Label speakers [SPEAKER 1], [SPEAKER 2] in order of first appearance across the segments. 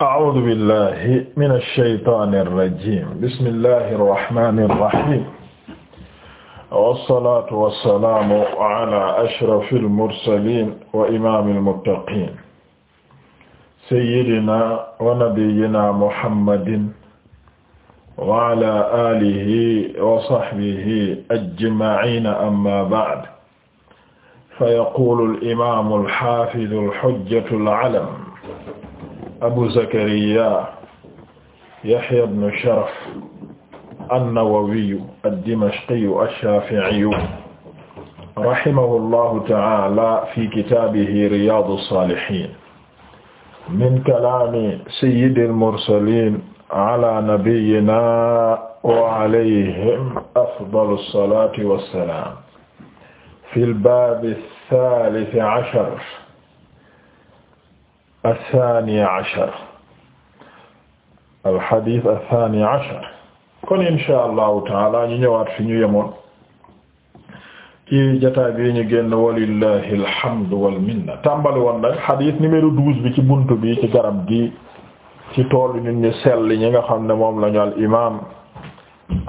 [SPEAKER 1] a'uuzu billaahi mina shaytaani rajiim bismillaahi rahmaani rahiim wassalaatu wassalaamu alaa ashrafil mursaliin wa imaamil muttaqiin sayyidinaa wa nabiyyinaa muhammadin wa alaa aalihi wa sahbihi ajma'iin ammaa ba'd fayaquulu al-imaamul haafizu al-hujjatul alam Abu Zakariya Yahya ibn Sharaf an-Nawawiyu ad-Dimashqiyu ash-Shafi'iyu rahimahullahu ta'ala fi kitaabihi Riyaadu s-Saalihiin min kalaami sayyidil mursaliin ala nabiyyinaa wa alayhim afdalu s-salaati wa s-salaam fil baabi s-saalis ashar الثاني عشر الحديث الثاني عشر kon insha allahu taala ñu ñëwaat fi ñu yemoon ci jotaay bi ñu génn walillahi alhamdu wal minna tàmbali woon nag hadith numéro douze bi ci buntu bi ci garab gi ci tool ñun ñu sell ñi nga xam ne moom lañu al imaam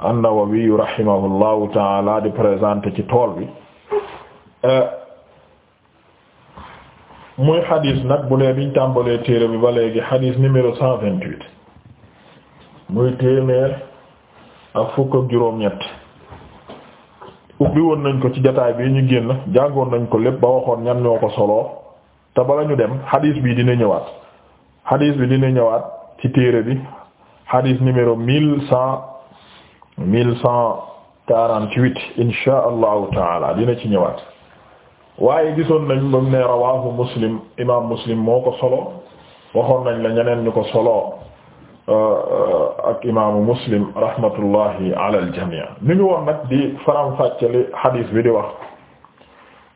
[SPEAKER 1] an-Nawawi rahimahullahu taala di présenté ci tool bi. Euh, muy xadis nag bu nee biñ tàmbalee téere bi ba léegi xadis numéro cent vingt-huit muy téeméer ak fukk ak juróom-ñett ubbi woon nañ ko ci jataay bi ñu génn jàngoon nañ ko lépp ba waxoon ñan ñoo ko solo te bala ñu dem xadis bii dina ñëwaat xadis bi dina ñëwaat ci téere bi xadis numéro mille cent mille cent quarante-huit insha allahu taala dina ci ñëwaat waaye gisoon nañ ba mu ne rawaahu muslim imaam muslim moo ko solo waxoon nañ la ñeneen ñu ko solo euh, euh, ak imaamu muslim rahmatullahi ala al jamii ñu woon nag di faram fàccali xadiis bi di wax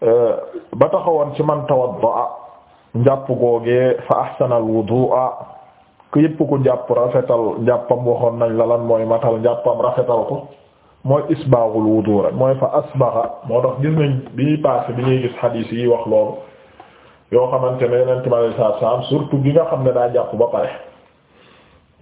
[SPEAKER 1] euh, ba taxawoon ci man tawaddaa njàpp googee fa ahsana al wudu'a ku yépp ku njàpp rafetal njàppam waxoon nañ la lan mooy matal njàppam rafetal ko mooy isbaaxul wudu rek mooy fa asbaxa moo tax gis nañ bi ñuy passé bi ñuy gis xadiis yi wax loolu yoo xamante ne yeneen ci malay saab saab surtout gi nga xam ne daa jàpp ba pare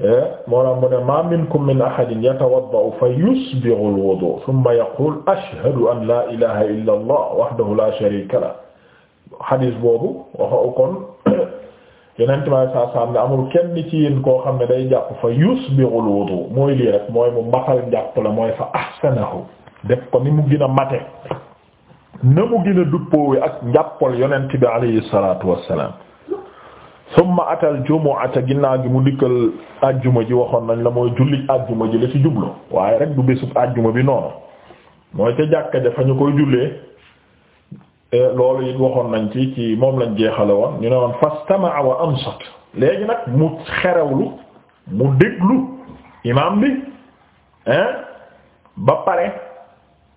[SPEAKER 1] eh, moo tax mu ne ma minkum min ahadin yatawadda'u fa yusbighul wudu thumma yaqul ashhadu an la ilaha illa allah wahdahu la sharika la xadiis boobu waxa kon yeneen tubaab saa saa ne amul kenn ci yéen koo xam ne day jàpp fa yusbirul wudu mooy lii rek mooy mu matal njàpp la mooy fa ahsanahu def ko ni mu gën a mate na mu gën a duppoowe ak njàppal yonent bi alayhi salaatu wassalaam summa atal jumu'ata ginnaaw gi mu dikkal ajjuma ji waxoon nañ la mooy julli ajjuma ji la ci jublu waaye rek du bésub ajjuma bi noonu mooy ca jàkka ja fa ñu koy jullee loolu it waxoon nañ ci ci moom lañ jeexale woon ñu ne woon fastama'a wa ansat léegi nag mu xerewlu mu déglu imaam bi hein ba pare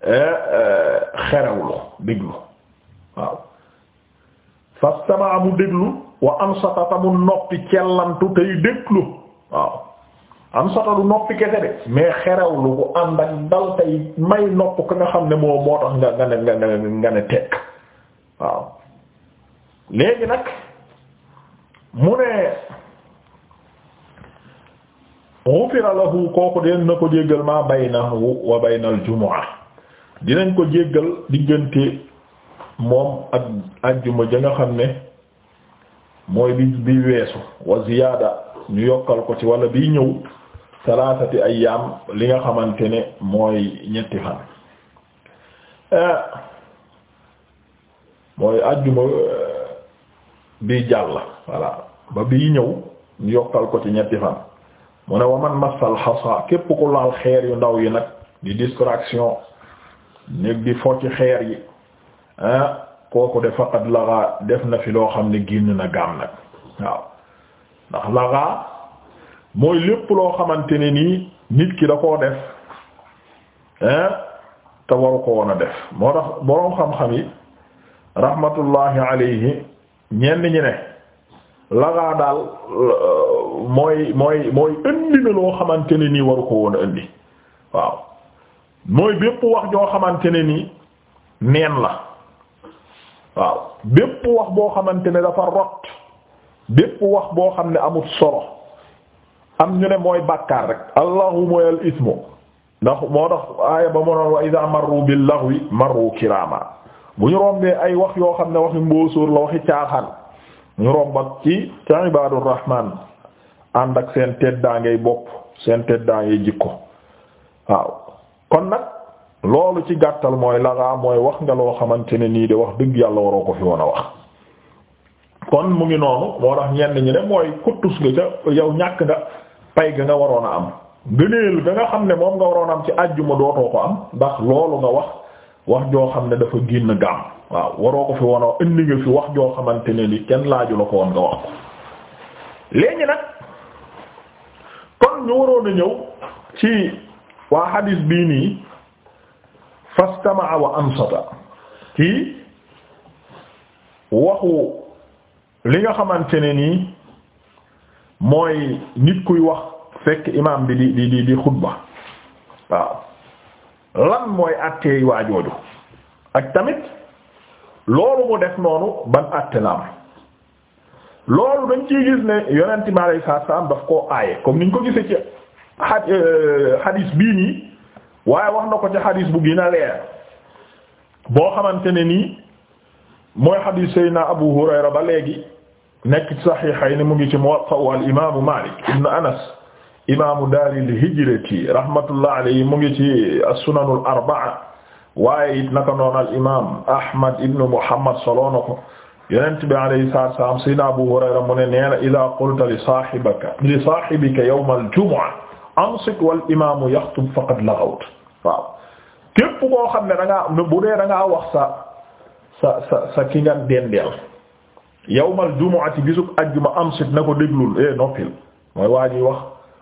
[SPEAKER 1] euh, euh, xerewlu déglu waaw fastama'a mu déglu wa ansata ta mu noppi cellantu tey déglu waaw ansata du noppi kese de mais xerewlu bu ànd ak dal tey may nopp ka nga xam ne moo moo tax nga nga ne nga ne nga ne tekk waaw léegi nag mu ne ghufira lahu kooku den na ko jéggal ma baynahu wa baynal jumaa dinañ ko jéggal diggante moom ak ajjuma ja nga xam ne mooy bi bi weesu wa ziyaada ñu yokkal ko ci wala bi ñëw salaasati ayyaam li nga xamante ne mooy ñetti fan eh, mooy àjjuma euh, bi jàll voilà ba bii ñëw ñu yokkal ko ci ñetti fan mu ne wa man massal xasa képp ku laal xeer yu ndaw yi nag di distraction néeg di fo ci xeer yi ah kooku de faqad laxaa def na fi loo xam ne génn na gaam nag waaw ndax laxaa mooy lépp loo xamante ni nii nit ki da koo def ah, te waru ko woon a def moo tax boroom xam-xam yi rahmatullahi alayhi ñenn ñi ne lagaa daal euh, mooy mooy mooy indi loo xamante ne nii waru ko woon a waaw mooy bépp wax joo xamante ne nii neen la waaw bépp wax boo xamante ne dafa rot bépp wax boo xam ne amul solo am ñu ne mooy bàkkaar rek allahu mooy al ismu ndax moo tax aaya ba mu doon wa iza marru bil marru kirama bu ñu rombee ay wax yoo xam ne waxi mbóosóor la waxi caaxaan ñu rombat ci ca ibaadu ànd ak seen teddaa ngay bopp seen teddaa ngay jikko waaw kon nag loolu ci gàttal mooy lagaa mooy wax nga loo xamante ne nii de wax dëgg yàlla waroo ko fi woon a wax kon mu ngi noonu moo tax ñenn ñi ne mooy kuttus nga ca yow ñàkk nga pay ga nga waroon a am gëneel ga nga xam ne moom nga waroon a am ci àjjuma dootoo ko am ndax loolu nga wax wax joo xam ne dafa génn gàmm waaw waroo ko fi wanoo indi nga fi wax joo xamante ne ni kenn laaju la ko woon nga wax ko léegi nag kon ñu waroon a ñëw ci waa xadiis bii nii fastamaa wa ansata kii waxu li nga xamante ne nii mooy nit kuy wax fekk imaam bi di di di di xutba waaw lan mooy àttee waa jooju ak tamit loolu mu def noonu ban àtte la am loolu dañ ciy gis ne yonent mi alayhi salaam daf koo aaye comme niñ ko gisee ci xa xadis euh, bii nii waaye wax na ko ci xadis bu gina leer boo xamante ne nii mooy xadis Seydina Abu Hurayra ba léegi nekk ci ni mu ngi ci Muwatta al imaamu Maalik ibn Anas. imaamu daaril hijrati rahmatullah alayhi mu ngi ci as-sunanul arba'a waaye it naka noonu al imaam Ahmad ibn Muhammad solo na ko yonent bi alayhi salaatu wa salaam sayyidina Abu Hurayra mu ne nee na idaa qulta li saahibika li saahibika yawmal jumu'a amsik wal imaamu yaxtub faqad laghawt waaw képp koo xam ne da ngaa bu dee da ngaa wax sa sa sa sa ki nga dendeel yawmal jumu'ati bisub ajjuma amsik na ko déglul eh noppil mooy waa ji wax.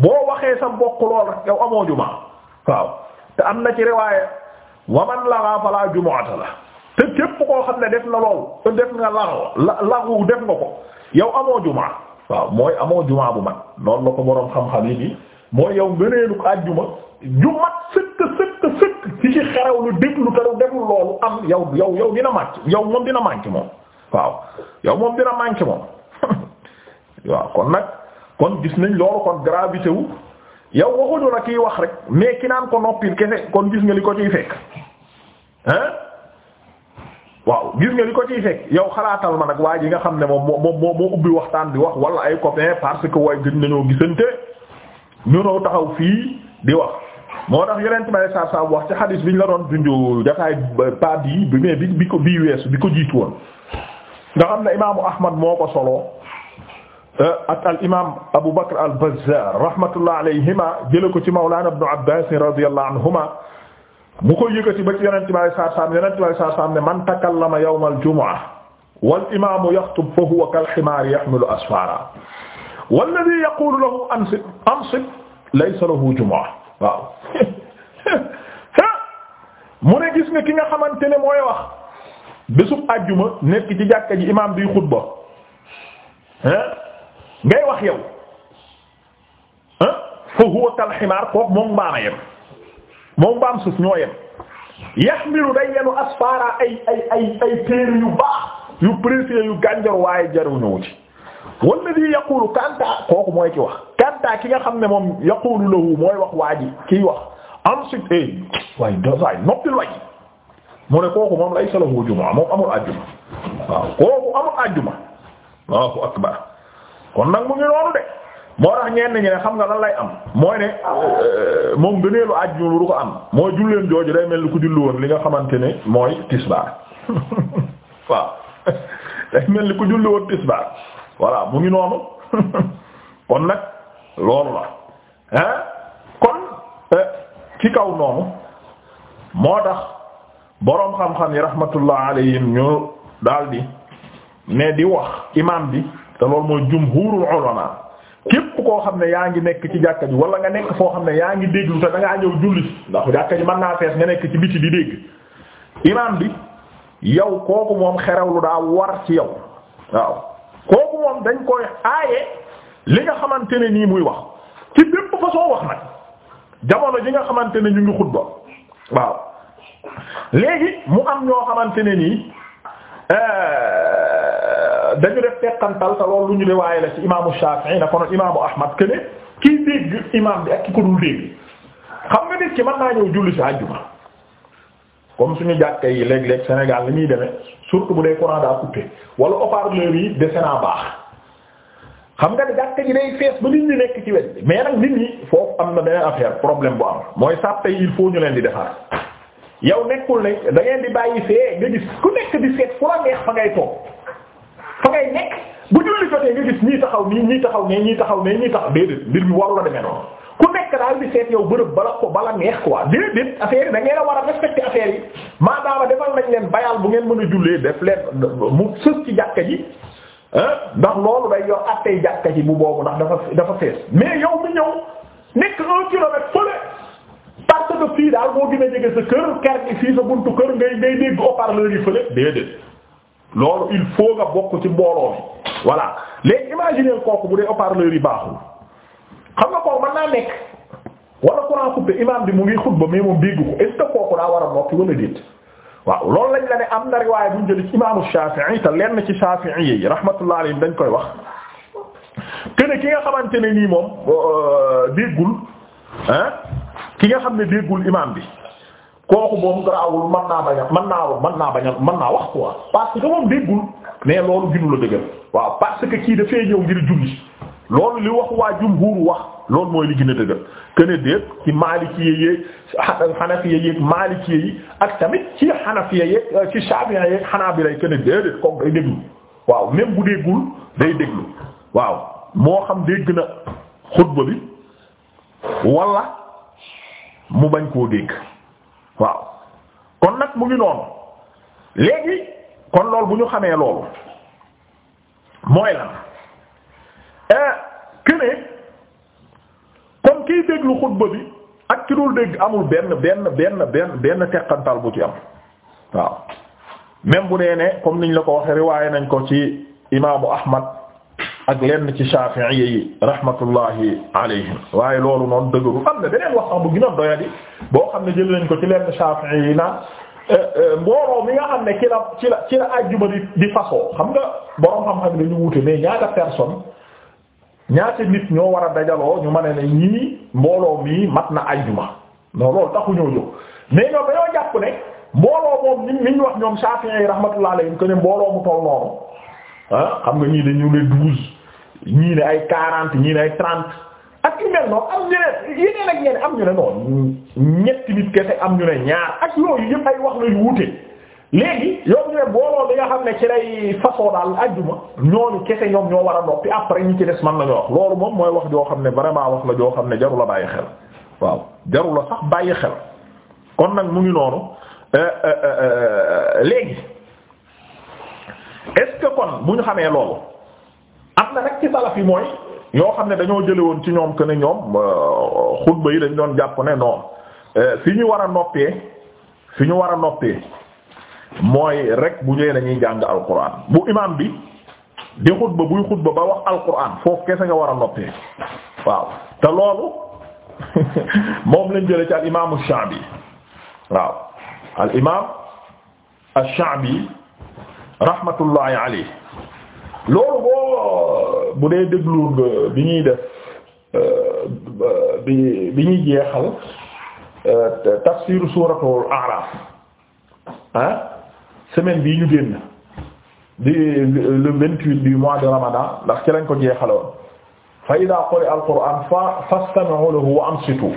[SPEAKER 1] boo waxee sa mbokk lool rek amoo jumaa waaw te am na ci riwaaya waman laraa falaa la te képp koo xam ne def na lool def nga laru laru def nga ko yow amoo jumaa waaw mooy amoo jumaa bu mag noonu la ko boroom xam-xam yi bi mooy yow ngëneelu àjjuma ju mat sëkk sëkk sëkk ci ci xaraw lu déglu te lu déglu loolu am yow yow yow dina màcc yow moom dina mànki moom waaw yow moom dina mànki moom waaw kon nag kon gis nañ loolu kon gravité wu yow waxuñu la kiy wax rek mais ki naan ko noppil kese kon gis nga li ko ciy fekk hein waaw gis nga li ko ciy fekk yow xalaatal ma nag waa ji nga xam ne moom moom moo ubbi waxtaan bi wax wala ay copain parce que way gën nañoo gisante ñu ñëw taxaw fii di wax moo tax yeneen ma saa saa wax ci xadis bi ñu la doon dundu dafay pas bi bi mais bi bi ko bii weesu bi ko jiitu woon nga xam ne imaamu Ahmad moo ko solo. Euh, ak al imaam Abu Bakr al Bazzaar rahmatullah alayhima jëlee ko ci Mawlaana Ibnu Abbaas radiyallahu anhuma mu ko yëkkati ba ci Yonent bi saa saam Yonent bi saa saam ne man takallama yawmal jumu'a wal imaamu yaxtub fa huwa kal himaari yahmilu asfaara walladhii yaquulu lahu ansib ansib laysa lahu jumu'a waaw mu ne gis nga ki nga xamante ne mooy wax bésub àjjuma nekk ci jàkka ji imaam bi xutba ngay wax yow ah fa huwa kal ximaar kooku moom mbaama yem moom mbaam suuf ñoo yem yaxmilu asfara ay ay yu baax yu précieux yu gànjor waaye jaruñëwu ci walladi yaqulu kanta kooku mooy ki wax kanta ki nga xam ne moom yaqulu lahu mooy wax waa ji kiy wax ensuite eh waaye dosaay noppil waaj mu ne kooku moom laysa lahu jumaa moom amul àjjuma waaw akbar kon nag mu ngi noonu de moo tax ñenn ñi ne xam nga lan lay am mooy ne euh, moom gëneelu àjjuma lu ko am mooy julleen jooju day mel ni ku julli woon li nga xamante ne mooy tisbaar waaw day mel ni ku julli woon tisbaar voilà mu ngi noonu kon nag loolu la ah kon euh, ci kaw noonu moo tax boroom xam-xam yi rahmatullah alayhim ñu daldi ne di wax imaam bi te loolu mooy jumhurul ulama képp koo xam ne yaa ngi nekk ci jàkka ji wala nga nekk foo xam ne yaa ngi déglu te da ngaa ñëw julli ndax jàkka ji mën naa fees nga nekk ci biti di dégg imam bi yow kooku moom xerewlu daa war ci yow waaw kooku moom dañ koy aaye li nga xamante ne nii muy wax ci bépp façon wax nag jamono ji nga xamante ne ñu ngi xutba waaw léegi mu am ñoo xamante ne nii euh, dañu def teqantal te loolu lu ñu riwaayé la ci imaamu Shafi'i na ko imaamu Ahmad que ne kiy dégg imaam bi ak ki ko dul dégg xam nga nit ki mën naa ñëw julli ci àjjuma comme suñu jàkkee yi léeg-léeg Sénégal li muy demee surtout bu dee courant daa coupé wala haut-parleur yi dese naa baax xam nga ne jàkkee ji fees ba nit ñi nekk ci wet mais nag nit ñi foofu am na beneen affaire problème bu am mooy sàppe yi il faut ñu leen di defar yow nekkul ne da di bàyyi fee nekk di ngay nekk bu julli jotee nga gis ñii taxaw nii ñii taxaw nee ñii taxaw nee ñii taxaw déedéet mbir mi waru la demee noonu ku nekk daal di seet yow bërëb bala ko bala neex quoi déedéet affaire yi da ngeen a war a respecter affaire yi maadaama defal nañ leen bayal bu ngeen mën a jullee def leen mu sës ci jàkka ji ndax loolu day yor attey jàkka ji bu boobu ndax dafa dafa fees mais yow mi ñëw nekk un kilomètre fële parce que fii daal boo gën a jege sa kër fii buntu kër ngay ngay dégg haut loolu il faut nga bokk ci mbooloo mi voilà léegi imaginer kooku bu dee haut-parleur yi baaxul xam nga kooku man naa nekk wala courant coupé imam bi mu ngi xutba mais moom dégg ko kooku daa war a noppi wala waaw loolu lañ la ne am na riwaaya bu ñu jëli ci imaamu Shafi'i te lenn ci Shafi'i yi rahmatullahi alayhi dañ koy wax que ne ki nga xamante ne nii moom euh, déggul ah nga xam ne déggul imam bi. kooku moom garaawul man naa bañ man naa mën naa bañ a naa wax quoi parce que moom déggul mais loolu ginu la dëggal waaw parce que kii dafay ñëw ngir julli loolu li wax waa jumhuur wax loolu mooy li gën a dëggal que ne déet ci maalikiyye yeeg hanafiyye yeeg maalikiyye yi ak tamit ci hanafiyye yeeg euh, ci shafi'iyye yeeg hanaabila que ne déedéet kooku day déglu waaw même bu déggul day déglu waaw moo xam dégg na xutba bi wala mu bañ koo dégg. waaw kon nag mu ngi noonu léegi kon loolu bu ñu xamee loolu mooy lan kene eh, kon kiy déglu xutba bi ak ki dul dégg amul benn benn benn benn benn teqantal bu ci am waaw même bu dee ne comme niñ la ko waxee riwaaye nañ ko ci imaamu Ahmad ak lenn ci Shafi'i yi rahmatullahi alayhim waaye loolu noonu dëgëru am na beneen wax sax bu gënoon doyadi boo xam ne jël nañ ko ci lenn Shafi'i yi na eh, eh, mbooloo mi nga xam ne ci la ci la ci la àjjuma di di xam nga borom xam-xam dañu wute mais ñaata personne ñaata nit ñoo war a dajaloo ñu mën ne ñii mbooloo mii mat na àjjuma non loolu taxu ñoo jóg mais ñoom dañoo jàpp ne mbooloo moom ni ñu wax ñoom Shafi'i yi rahmatullahi alayhim ne mbooloo mu toll noonu ah xam nga ñii dañu ne douze. ñii ne ay quarante ñii ne ay trente ak yu mel noonu am ñu ne yeneen ak yeneen am ñu ne noonu ñetti nit kese am ñu ne ñaar ak yooyu yëpp ay wax la yu wuute léegi yow ñu ne booloo bi xam ne ci lay façon daal ajjuma ñooñu kese ñoom ñoo war a noppi après ñi ci des man nañu wax loolu moom mooy wax joo xam ne vraiment wax la joo xam ne jarul bàyyi xel waaw jarul a sax bàyyi xel kon nag mu ngi noonu euh, euh, euh, léegi est-ce ñu xamee loolu. am na nag ci salaf yi mooy yoo xam ne dañoo jële woon ci ñoom kën ne ñoom euh, xutba yi dañ doon jàpp ne non euh, fi ñu war a noppee fi ñu war a noppee mooy rek bu ñëwee dañuy jàng alquran bu imam bi di xutba buy xutba ba wax alquran foofu kese nga war a noppee waaw te loolu moom lañ jële ci al imam ash-Sha'bi waaw al imam ash-Sha'bi rahmatullahi alayhi loolu boo bu dee déglu bi ñuy def euh, bi ñuy jeexal euh, tafsir suuratul A'raf ah semaine bii ñu génn di le vingt-huit du mois de Ramadan ndax ci lañ ko jeexaloon fa idaa quri'a al-Qur'aan fa fastami'uu lahu wa ansituu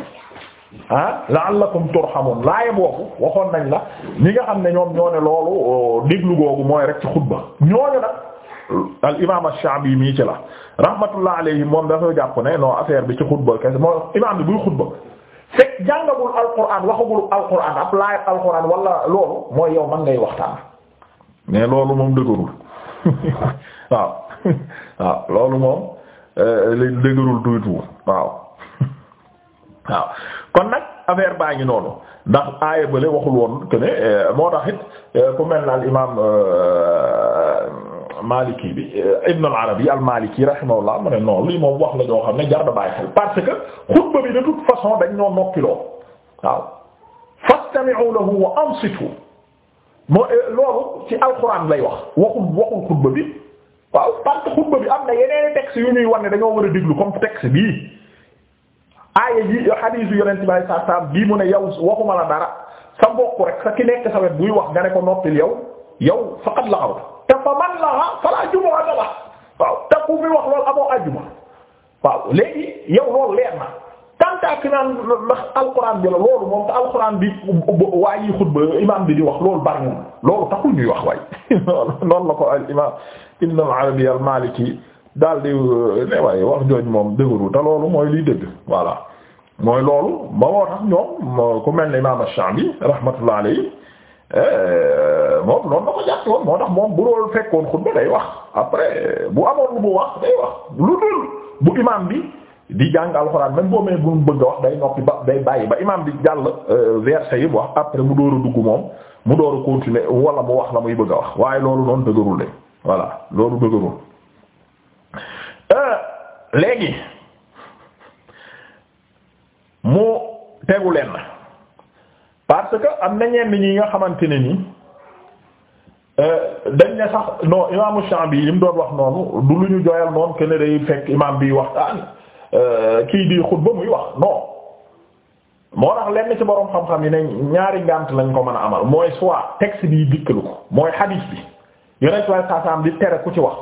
[SPEAKER 1] ah la'allakum turhamuun laaya boobu waxoon nañ la ñi nga xam ne ñoom ñoo ne loolu euh, déglu googu mooy rek ci xutba ñooñu nag al imaam ash-Sha'bi mii ci la rahmatullah alayhi moom dafa jàpp ne non affaire bi ci xutba kese moo imaam bi buy xutba fekk jàngagul alquran waxagul alquran ab laayat alquran wala loolu mooy yow man ngay waxtaan mais loolu moom dëgërul waaw waaw loolu moom euh, dëgërul duytu waaw waaw kon nag affaire baa ngi noonu ndax aaya bële waxul woon que ne euh, moo tax it euh, mel na al imaam Maliki bi eh, Ibn al-Arabi al-Maliki rahimahullah mu ne non lii moom wax la joo xam ne jar na bàyyi xel parce que xutba bi de toute façon dañ ñoo nokkiloo waaw fastami'u lahu wa ansitu moo eh, loolu ci alquran lay wax waxul waxul xutba bi waaw que xutba bi am na yeneen texte yu ñuy wax ne dañoo war a déglu comme texte bii a ji hadiisu yonent bi saa saa bii mu ne yow waxuma la dara sa mbokk rek sa ki nekk sa wet buy wax nga ne ko noppil yow. yow faqad laxawta te fa man laxa fala jumu'ata la waaw te ku fi wax loolu amoo ajjuma waaw léegi yow loolu leer na tantaaki naan ndax alquran bi la loolu moom te alquran bi waay yi xutba imam bi di wax loolu bariwul loolu taxul ñuy wax waay noonu la ko al imam ibn al arabi al maliki daal di euh, ne waaye wax jooj moom dëgëru te loolu mooy liy dëgg voilà mooy loolu ba moo tax ñoom ku mel ne imam ash-Sha'bi rahmatullah alayhi Eh, moom noonu da ko jàpp woon moo tax moom bu loolu fekkoon xutba day wax après bu amoon lu mu wax day wax lu dul bu imaam bi di jàng alxuraan même boo mee bu mu a wax day noppi ba day bàyyi ba imaam bi jàll euh, verset yi wax après mu door dugg moom mu door continuer wala mu wax la muy bëgg a wax waaye loolu noonu dëgërul de voilà loolu dëgërul euh, léegi mu tegu leen parce que am na ñenn ñi nga xamante ne ni euh, dañ ne sax non imaamu bi yi mu doon wax noonu du lu ñu joyal noonu que ne day fekk imaam bi waxtaan euh, kii di xutba muy wax no moo tax lenn ci boroom xam-xam yi ne ñaari ngànt lañ ko mën a amal mooy soit texte bi dikkalu ko mooy hadith bi yonent waaye saasaam di tere ku ci wax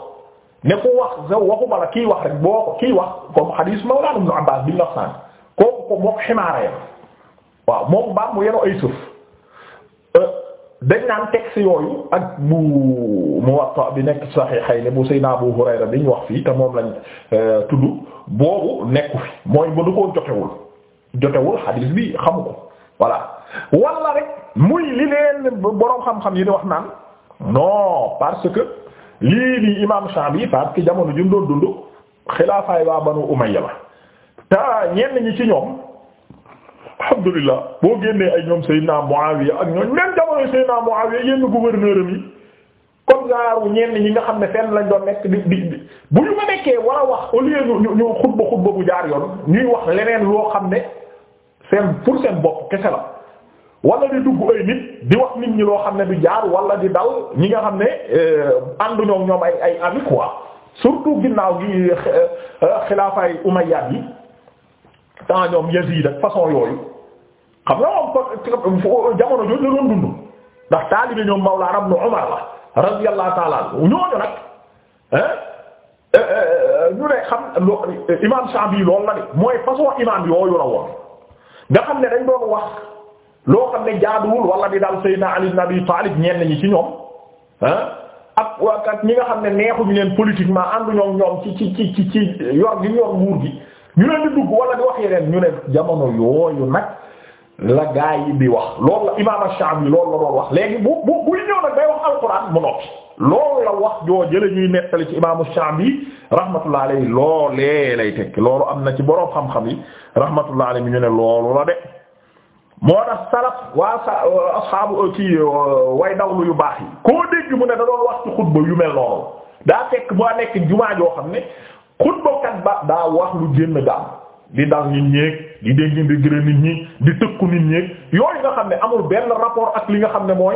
[SPEAKER 1] ne ku wax sa waxu bala kiy wax rek boo ko kiy wax comme hadith Mawlaana Ibn Abbaas bi ñu wax sànq kooku ko mook ximaara waaw moom baax mu yenu ay suuf euh, dañ naan yooyu ak bu Muwatta bi nekk Sahihayni bu Seydina Abu Hurayra bi ñu wax fii te moom lañ euh, tudd boobu nekku fi mooy ba du ko jotewul jotewul xadiis bi xamu ko voilà wala rek muy li leen boroom xam-xam yi di wax naan non parce que lii nii imam Shabi parce que jamono ju mu dund xilaafaay waa Banu Umayya la te ñenn ñi ci ñoom. alhamdulillah boo génnee ay ñoom Seydina Muawiya ak ñoom même jamono Seydina Muawiya yenn gouverneur am yi comme gaaru ñenn ñi nga xam ne fenn lañ doon nekk di di bu ñu ma nekkee war wax au lieu ñu ñu xutba xutba bu jaar yoon ñuy wax leneen loo xam ne seen pour seen bopp kese la wala di dugg ay nit di wax nit ñi loo xam ne du jaar wala di dal ñi nga xam ne euh, ànduñoo ñoom ay ay ami quoi surtout ginnaaw gi euh, euh, xilaafaay umayyad yi temps ñoom Yazid ak façon yooyu xam nga moom jamono jooju la doon dund ndax taalibe ñoom Mawlana Ibn Umar la radiyallahu ta'ala ñooñu nag eh, eh, eh, ñu ne xam imam Shaabi loolu mooy façon imam yooyu la woon nga xam ne dañ doon wax loo xam ne jaaduwul wala di daal Seydina Ali ibn Abi Talib ñenn ñi ci ñoom ah ak ak ñi nga xam ne neexuñu leen politiquement ànduñoo ñoom ci ci ci ci yor gi yor nguur gi. ñu leen di dugg wala di wax yeneen ñu ne jamono yooyu nag la gaa yi di wax loolu la imaam Ash-Sha'bi la doon wax léegi bu bu buy ñëw nag day wax alquran mu noppi loolu la wax joo jële ñuy nettali ci imaam Ash-Sha'bi loolee lay tekk loolu am na ci boroom xam-xam yi rahmatullah alayhi ñu ne loolu la de moo tax salaf waa sa asxaabu ci way dawlu yu baax yi koo dégg mu ne da doon wax ci xutba yu mel noonu daa fekk joo xam ne xutbakat ba daa wax lu génn daam di dal nit ñeeg di dégg ndigëré nit ñi di tëkku nit ñeeg yooyu nga xam ne amul benn rapport ak li nga xam ne mooy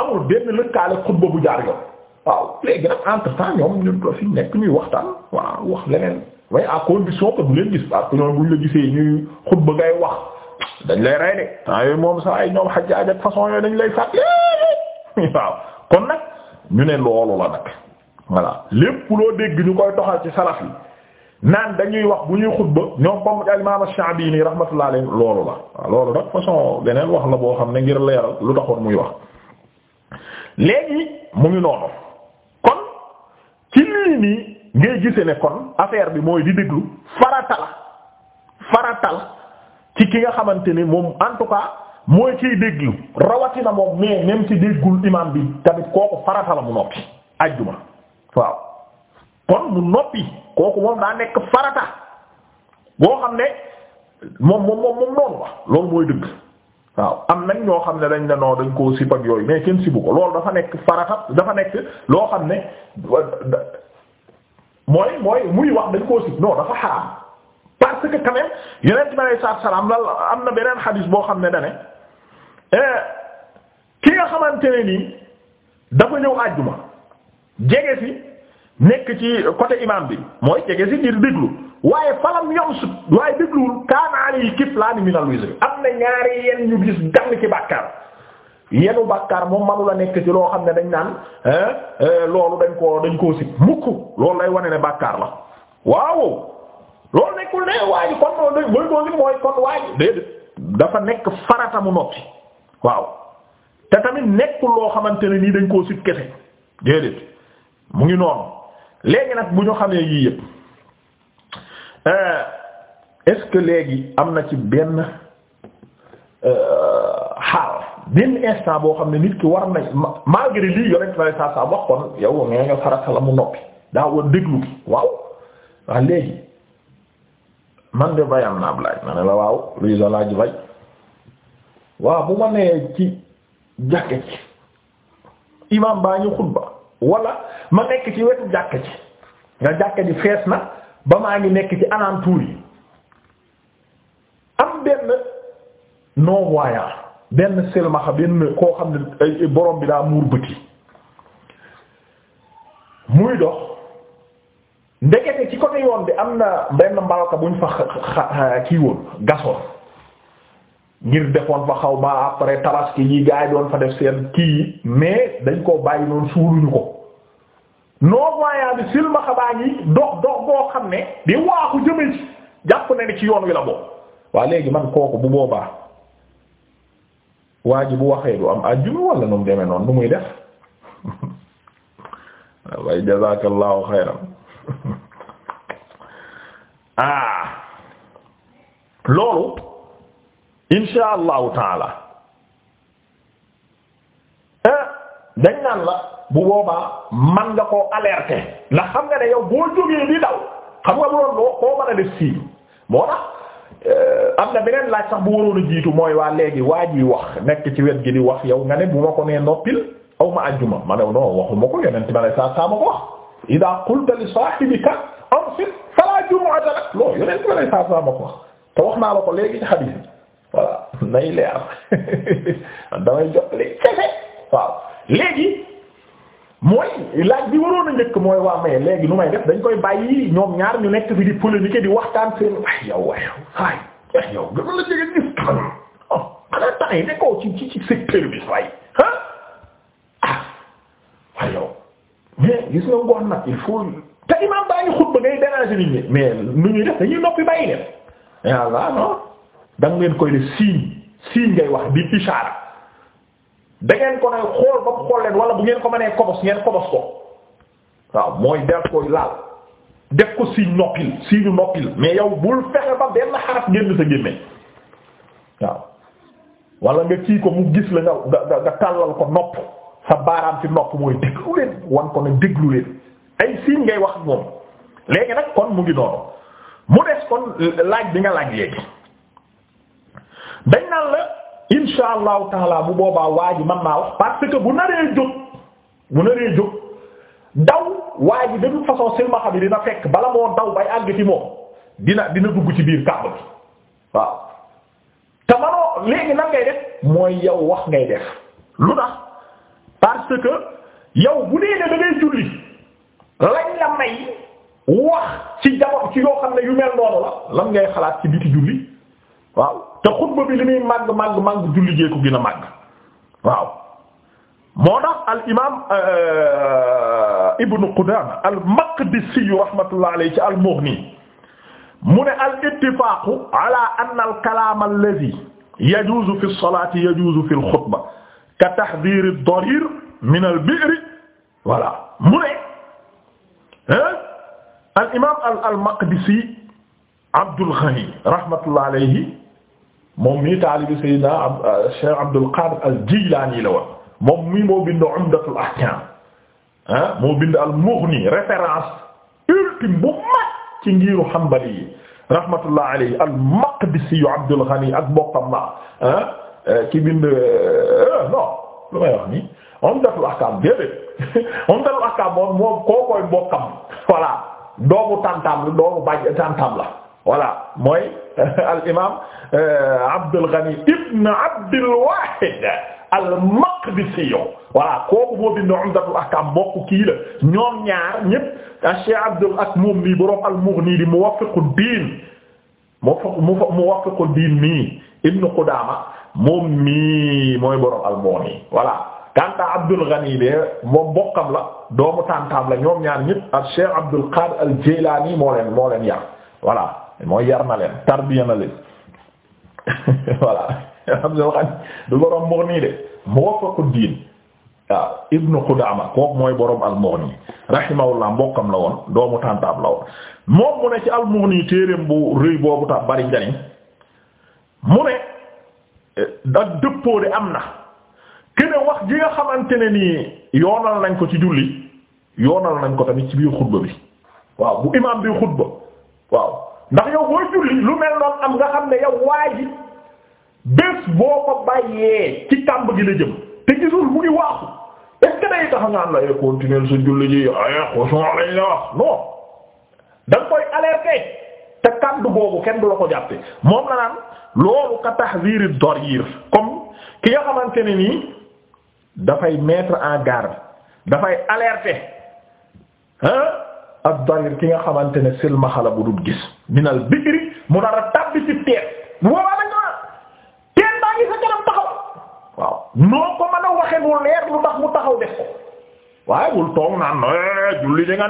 [SPEAKER 1] amul benn lëkkaale xutba bu jaar yoon waaw léegi nag entre temps ñoom ñun do fi ñuy waxtaan waaw wax leneen waaye à condition que du leen gis parce que ñoom buñ la gisee ñuy xutba wax dañ lay rey de temps yooyu sax ay ñoom xajjaaj ak façon yooyu dañ lay fàtte waaw kon nag ñu ne loolu la nag voilà lépp loo dégg ñu koy toxal ci salaf yi naan dañuy wax bu ñuy xutba ñoom comme al imam Shaabi nii rahmatullah alayhi loolu la waaw loolu nag façon beneen wax la boo xam ne ngir leeral lu taxoon muy wax léegi mu ngi noonu kon ci lii nii ngay gise ne kon affaire bi mooy di déglu faratala faratal ci ki nga xamante ni moom en mooy kiy déglu rawatina moom mais même ci déggul imam bi tamit kooku faratala mu noppi ajjuma waaw kon mu noppi kooku moom daa nekk farata boo xam ne moom moom moom moom noonu wax loolu mooy dëgg waaw am nañ ñoo xam ne dañ ne noo dañ koo sip ak yooyu mais kenn sibu ko loolu dafa nekk farata dafa nekk loo xam ne mooy mooy muy wax dañ koo sip non dafa xaraam parce que quand même yonent bi alayhi salaatu salaam lal am na beneen xadiis boo xam ne dane eh, ki nga xamante ne nii dafa ñëw àjjuma jege si nekk ci côté imam bi mooy jege si ngir déglu waaye falam yom sut waaye dégluwul kaana alayhi kiflaani minal wizr am na ñaari yenn ñu gis gàll ci bàkkaar yenu bàkkaar moom manu la nekk ci loo xam ne dañ naan euh, loolu dañ ko dañ ko sib mukk loolu lay wane ne bàkkaar la waaw loolu nekkul ne waaye kon mooy loolu mooy kon waaye dafa nekk farata mu noppi waaw te tamit nekkul loo xamante ne nii dañ koo sib kese déedéet mu ngi noonu léegi nag bu ñu xamee yii yëpp euh, est léegi am na ci benn euh, xaal benn instant boo xam ne nit ki war na malgré lii yonent na saa saa wax kon yow nga nga farata la mu noppi daa war déglu waaw waaw léegi man de bayam naa laaj ma ne la waaw luy sa laaj bay waaw bu ma nee ci jàkke ci imam baa ñu xutba wala ma nekk ci wetu jàkka ji nga jàkka ji fees na ba maa ngi nekk ci alentours yi am benn non-voyant benn silmaxa benn koo xam ne borom bi daa muur bëti muy dox ndekete ci côté yoon bi am na benn mbalka buñ fa xa- xa- kii woon gasoon ngir defoon fa xaw ma après tabaski yi gaa yi doon fa def seen kii mais dañ koo bàyyi noonu suuluñu ko non voyant bi silmaxa baa ngi dox dox boo xam ne di waaxu jëme ci jàpp na ne ci yoon wi la boobu waa léegi man kooku bu boobaa waa bu waxee du am àjjuma wala nu mu demee noonu nu muy def way jazakallahu xayran ah loolu insha allahu taala eh, dañ naan la bu boobaa man nga koo alerter ndax xam nga ne yow boo jógee di daw xam nga loolu loo koo mën a def sii moo tax eh, am na beneen laaj sax bu waroon a jiitu mooy waa léegi waa ji wax nekk ci wet gi di wax yow nga ne bu ma ko nee noppil aw ma àjjuma ma ne waxuma ko yonent ma saa saa ma ko wax idaa qulta li saahibika ansit falaa jumu'ata lak non yonent ma ne saa saa ma ko wax te wax naa la ko léegi ci hadiis nay leer damay jottali kese waaw léegi mooy laaj bi waroon a njëkk mooy waa mais léegi nu may def dañ koy bàyyi ñoom ñaar ñu nekk fi di polémique di waxtaan seen waay yow waay waay waay yow gën la jege gis tan oh xanaa temps yi nekkoo ci ci ci secteur bi waay ah ah waay gis nga ngoon nag il faut te imam baa ngi xutba ngay déranger nit ñi mais nu ñuy def dañuy noppi bàyyi leen yàlla non da nga leen koy def signe signe ngay wax di ishaara da ngeen ko xool ba xool leen wala bu ngeen ko manee kobos ngeen kobos ko waaw mooy del koy laal def ko signe noppil signe noppil mais yow bul fexe ba benn xaraf génn sa gémmiñ waaw wala nga kii ko mu gis la nga nga nga tàllal ko nopp sa baaraam ci nopp mooy déglu leen wan ko ne déglu ay signe ngay wax moom léegi nag kon mu ngi noonu mu des kon laaj bi nga laaj léegi. dañ naan la insha allahu taala bu boobaa waa ji man naa wax parce que bu naree jóg bu naree jóg daw waa ji de façon silmaxa bi dina fekk bala moo daw bay àgg ci moom dina dina dugg ci biir kàbb bi waaw te manoo léegi yow wax ngay def yow bu dee ne da ngay julli yoo xam ne yu la lan ngay xalaat ci biti julli waaw te xutba bi li muy màgg màgg màgg julli jee ko gën a màgg waaw moo tax al imaam euh, euh, ibnu Qudaama al Maqdisi rahmatullah alayhi ci al Mughni mu ne al ittifaaqu ala anna al kalaam allazii yajuuzu fi salaati yajuuzu fi al xutba ka tahdiir ad dariir min al bi'r voilà mu ne al imaam al Maqdisi Abdul Ghani rahmatullah alayhi moom mii taalibi Sayyidina euh, Cheikh Abdul Qadir al-Jilani la woon moom mii moo bind Umdatul Ahkam ah moo bind al-Mughni référence ultime bu mag ci ngiiru Hanbali yi rahmatullah alayhi al-Maqdisi Abdul Ghani ak bokkam la ah ki bind euh, non lu may wax nii Umdatul Ahkam déedéet Umdatul Ahkam moom moom koo koy bokkam voilà doomu tantam la doomu bàjj tantam la. voilà mooy al imaam euh, Abdul Ghani ibn Abdul Wahid al Maqdisi voilà kooku moo bind Umdatul Ahkam mbokk kii la ñoom ñaar ñëpp ah, Cheikh Abdul ak moom nii borom bi Mughni di Muwaffiqud-Din Muwaffiqud-Din nii Ibn Qudama moom mooy borom al Mughni Kanta Abdul Ghani de moom mbokkam la doomu tantam la ñoom ñaar ñëpp ak Cheikh Abdul Qadir al Jilani moo yar voilà. mooy yar na leen tarbiya na leen voilà Abdul Ghani du borom Mughni de Muwaffaquddin waaw Ibnu Qudaama kooku mooy borom al-Mughni rahimahullah mbokkam la woon doomu tàntaam la woon moom mu ne ci al-Mughni téereem bu rëy boobu tax bari njariñ mu ne eh, da dëppoo de am na kene wax ji nga xamante ne nii yoonal nañ ko ci julli yoonal nañ ko tamit ci biir xutba bi waaw bu imaam bi xutba waaw ndax yow booy julli lu mel noonu am nga xam ne yow waa ji boo ko bàyyee ci kàmb gi la jëm te gisul mu ngi waaxu est-ce nga am la eh, continuer sa julli da koy alerter te kàmb boobu kenn du la ko jàppe moom la naan loolu ka tahzir ad-darir comme ki nga xamante ne nii dafay mettre en garde dafay alerter hein ad-darir ki nga xamante ne silmaxa la bu dul gis minal bikri mu nar a tàbbi ci teen woolaa nañ wa ah, teen baa ngi sa kanam taxaw waaw noo ko mën a waxe mu leer lu tax mu taxaw def ko waaye bul toog naan eh, julli